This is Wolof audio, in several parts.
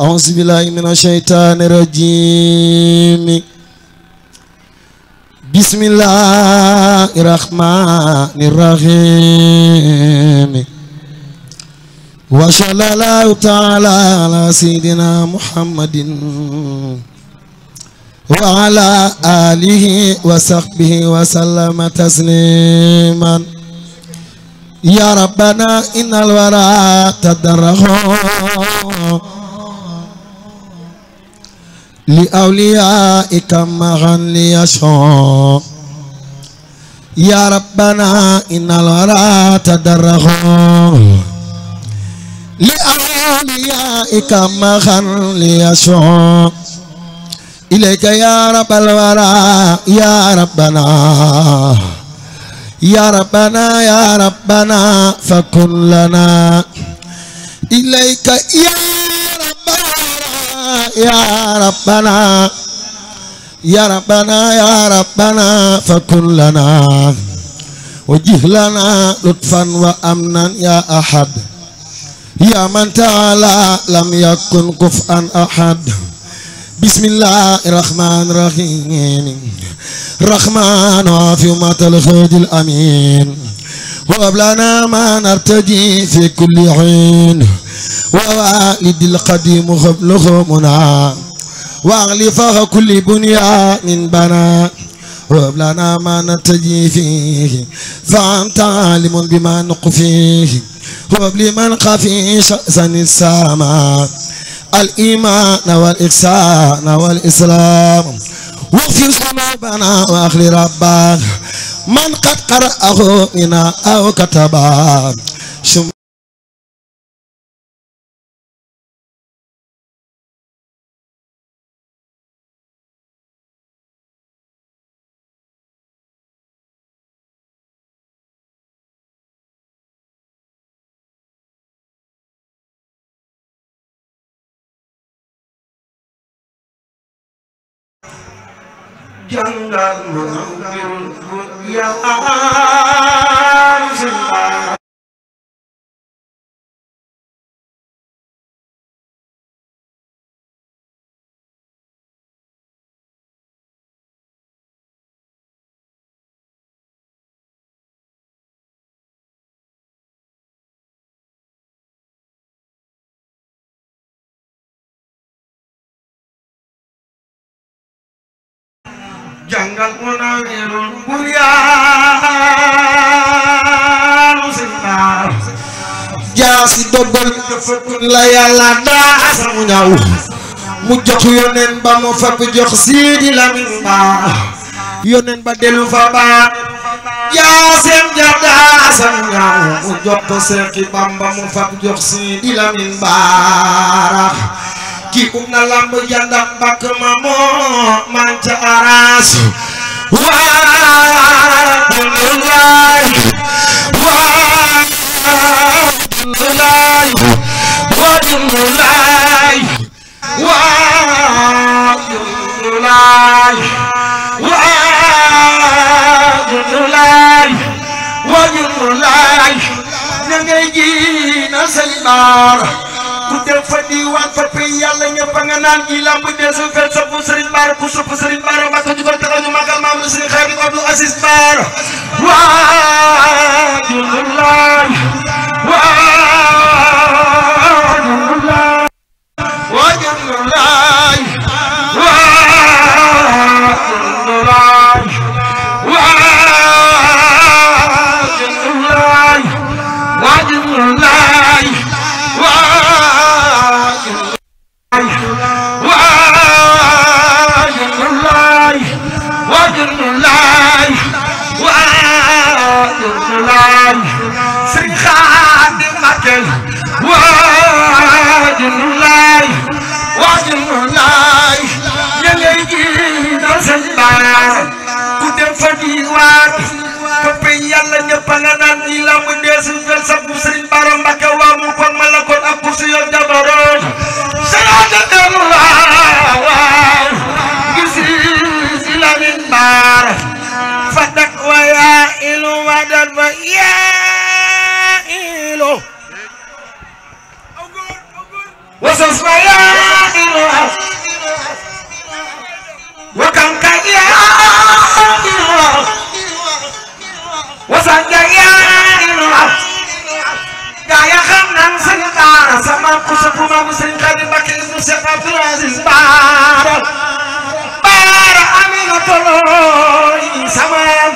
أعوذ بالله من الشيطان الرجيم بسم الله الرحمن الرحيم وصلى الله تعالى على سيدنا محمد وعلى آله وصحبه وسلم تسليما يا ربنا إن الورى تدرهم li awliyaika maxan li yashoo yaa rabbana innal wara tadarraxoo li awliyaika maxan li yashoo ilayka yaa rabbal wara yaa rabbana yaa rabbana yaa rabbana fakun lana ilayka yaa يا ربنا يا ربنا يا ربنا فكن لنا وجه لنا لطفا وأمنا يا أحد يا من تعالى لم يكن كفءا أحد بسم الله الرحمن الرحيم رحمن وفي مات الخير الأمين وهب لنا ما نرتجي في كل حين ووالد القديم قبله منعى واغلف كل بنيان بنا وهب لنا ما نرتجي فيه فأنت عالم بما نقفيه وهب لمن خفي شأسا السامع الإيمان والإحسان والإسلام واغفر ذنوبنا وأخلي ربك man qad qara'ahu ina aw kataba jàngal mu ngir yàlla jàngal mu naweerul bur yaanu si naar jaasi dobbal dafatun la yàlla daa samu ñaw mu jox yoneen ba mu fab jox siidi lamin ba yoneen ba delu fa baa jaasem ja daa samu ñaw mu jox ko seexi bamba mu fab jox siidi lamin baara jibub na lamb jandam bakk ma moo man ca aras waa dundullaay waa dundullaay waa dundullaay waa dundullaay waa dundullaay waa dundullaay na ngay ji yi yàlla ñëpp a nga naan kii lamb del su fel sopp sëriñ baar ku sopp sëriñ baar ma jugal taxaw ñu màggal maam la sëriñ xarit Abdou Aziz Baar waa jululaay waa la ñëpp a nga naan ñi làmb ndee suñu fel sabu Sëriñ maam sëñ Xaadim Mbàkke ibnu Cheikh Abdoul Aziz baara baara amina tolooy samaam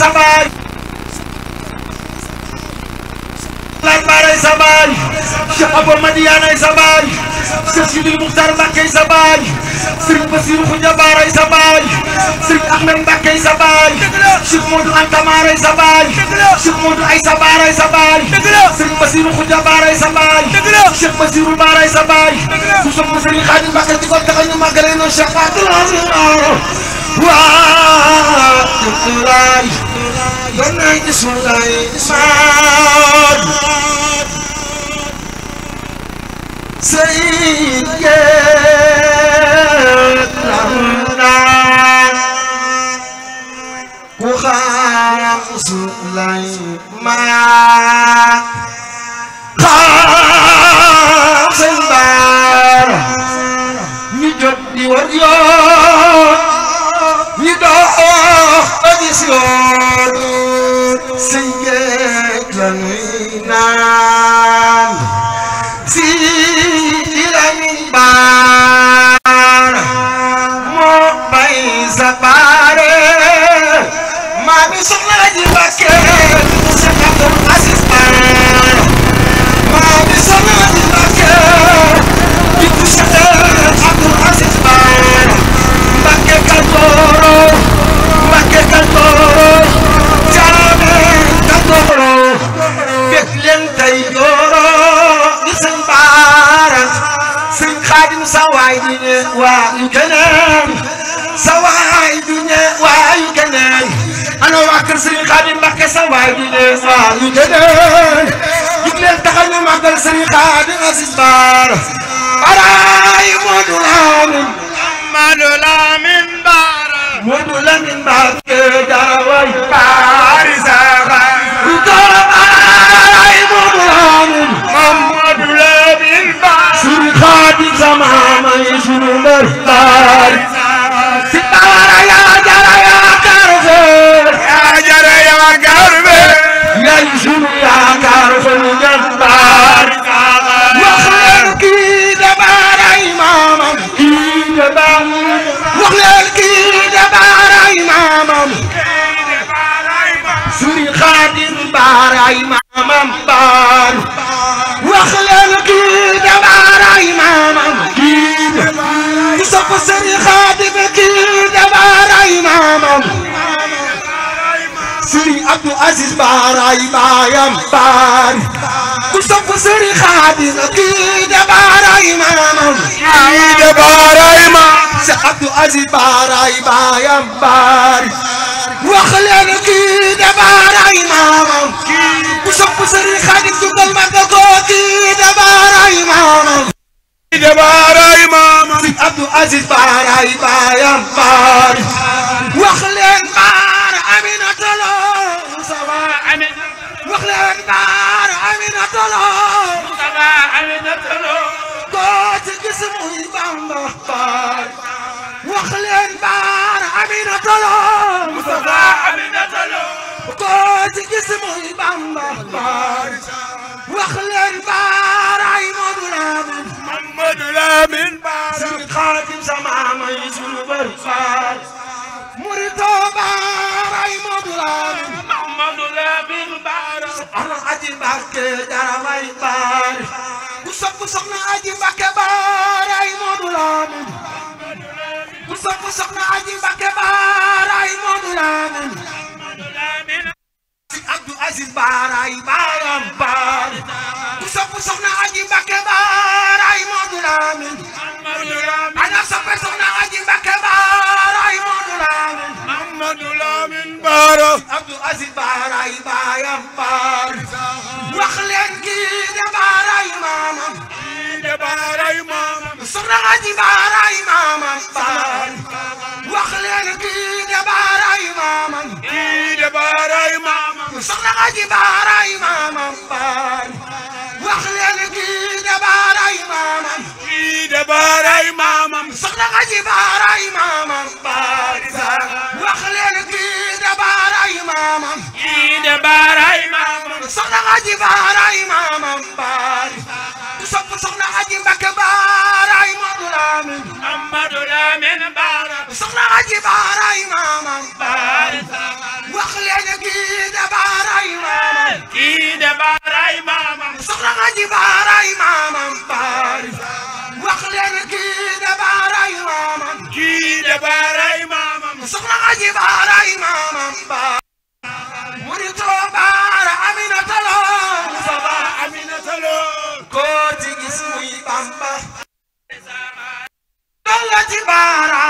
sambaay Laay Baaray sa baay Cheikh Abo Madiyaanay sa baay Cheikh Sidil Muxtaar Mbàkkey sa baay Sëriñ Basiru Xuja Baaray sa baay Sëriñ Ahmed Mbàkkey sa baay Cheikh Modou Anta Maaray sa baay Cheikh Modou Aysa Baaray sa baay Sëriñ Basiru Xuja Baaray sa baay Cheikh Basiru Baaray sa baay su sopp Sëriñ Xaadim Mbàkke di ko taxal ñu màggale noonu Cheikh Fatou Laay بنى اسم الله إسماعيل سيد رمضان وخاص لما خاص البار نجد وريون ندعو أدسيون sama baay ju leen waa ñu déedéet jug leen taxaw ñu màggal sëriñ Xaadim Asis Baara baraay Moodu Laamin Moodu Laamin Baara Moodu Laamin Baara ke dara way ay maamam baan wax leen kii dabaar ay maamam kii ku sopp sëriñ Xaadim kii dabaar ay maamam sëriñ Abdou Aziz baar ay kii dabaar ay maamam sa Abdou Aziz baaraay baayam baari wax leen kii de baaraay maamam ku sopp Serigne Khadim dugal ma nga ko kii de baaraay maamam kii de baaraay maamam si Abdou Aziz baaraay baayam baari wax leen baara Aminata Lo wax leen baara Aminata Lo Bamba Fall wax leen baar Aminata Lo Mustafa Aminata Lo ko ci gis muy Bamba Fall wax leen baar ay Modou Lamine Mamadou Lamine baar si xaatim sama may sunu bër Fall murito baar ay Modou Lamine Mamadou Lamine baar ana aji Mbàkke dara may baar ku sopp soxna aji Mbàkke baar Lamin ku sopp soxna aji Mbakke baaraay Moodu Lamin si Abdou Aziz baaraay baaram baar ku sopp soxna aji Mbakke baaraay Moodu Lamin ana soppe soxna aji Mbakke baaraay Moodu Lamin Moodu Lamin baara Abdou Aziz baaraay baayam baar wax leen kii de baaraay maamam kii de baaraay maamam soxna aji baaraay maamam baal wax leen kii de baaraay maamam kii de baaraay maamam soxna aji baaraay maamam baal wax leen kii de baaraay maamam kii de baaraay maamam soxna aji baaraay maamam baal wax leen kii de baaraay maamam kii de baaraay ci baaray maamam wax leen kii de baaray maamam kii de baaray maamam soxna nga ci baaray maamam wax leen kii de baaray maamam kii de baaray maamam soxna nga ci baaray maamam muritoo baara Aminata Lo Mustafa Aminata Lo koo ci gis muy Bamba la ci baara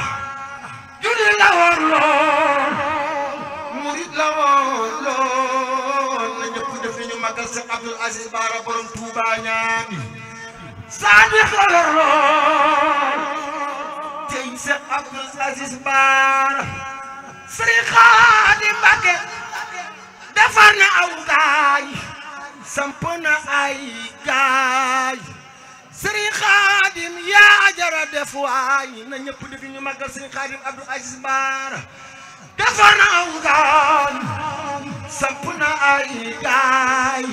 woorloo murit la woorloo na ñëpp def ñu magal sa Abdul Aziz Bara borom Touba ñaani saani xalarloo tey sa Abdul Aziz Bara Sëriñ Xaadim Mbàkke defar na aw gaay samp ay gaay Serigne Khadim yaa jara def waay na ñëpp dégg ñu màggal Serigne Khadim Abdou Aziz Baara dafa naw gaan ay gaay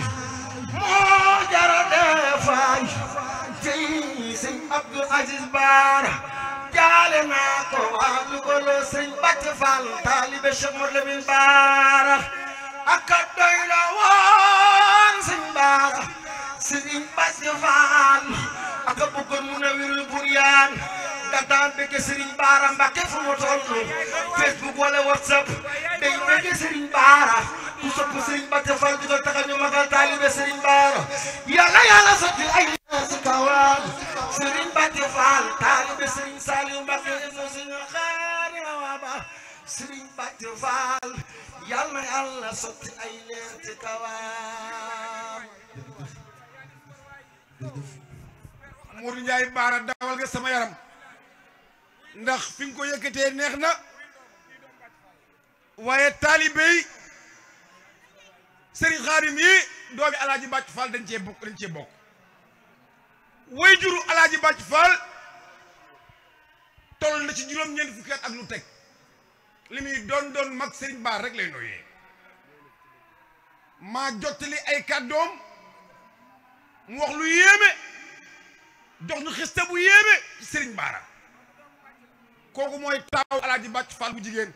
moo jara def waay tey Serigne Abdou Aziz Baara jaale naa ko waa lu ko loo Serigne Bathie Fall taalibe Cheikh Mor Lamine Baara ak doy woon Serigne Baara sëriñ Bass Fall ak bëggoon mu na wirul buryaan da daan bëgg Baara Mbàkke fu mu toll Facebook wala WhatsApp day bëgg sëriñ Baara ku sopp sëriñ Bass Fall di ko ñu magal taalibe sëriñ Baara yàlla yàlla sotti ay si kawam sëriñ Bass Fall taalibe sëriñ Saliou Mbàkke ibnu sëriñ xaari awaaba sëriñ Bass Fall yàlla yàlla sotti ay leer ci kawam Modou Ndiaye baara dawal nga sama yaram ndax fi nga ko yëkkatee neex na waaye taalibe yi Serigne Xaadim yi doomi dañ cee bokk dañ cee bokk way juru Alaaji Bàcc Fall toll ci juróom ak lu teg li muy doon doon mag Serigne Baar rek lay nooyee maa jottali ay doom mu wax lu yéeme dox ñu xiste bu yéeme sëriñ baara kooku mooy taaw alaaji bàcc faal bu jigéen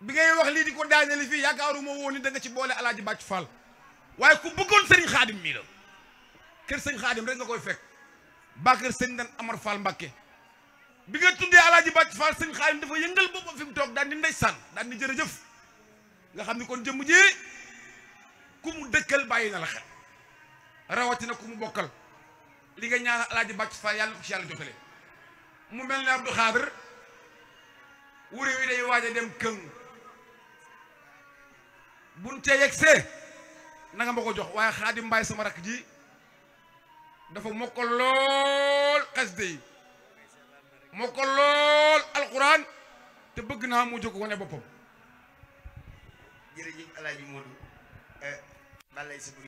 bi ngay wax lii di ko daaneli fii yaakaaruma woon ni da nga ci boole alaaji bàcc faal waaye ku bëggoon sëriñ xaadim mii la kër sëñ xaadim rek nga koy fekk ba kër sëñ dan amar faal mbàkke bi nga tuddee alaaji bàcc faal sëñ xaadim dafa yëngal boppam fi mu toog daan di ndeysaan daan di jërëjëf nga xam ni kon jëmm ji ku mu dëkkal bàyyi na la xel rawatina ku mu bokkal li nga ñaanal alaaji bàcc fa yàlla ko ci yàlla jotale mu mel ni Abdou Khadre wuri wi day waaj a dem këng buñ tee yegsee nanga ma ko jox waaye xaadim mbaay sama rakk ji dafa mokkal lool xasida yi mokkal lool alquran te bëgg naa mu jóg wane boppam jërëjëf alaaji Modou eh,